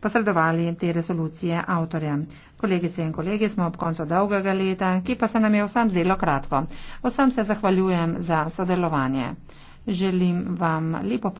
posredovali te rezolucije avtorja. Kolegice in kolegi, smo ob koncu dolgega leta, ki pa se nam je vsem zdelo kratko. Vsem se zahvaljujem za sodelovanje. Želim vam lepo.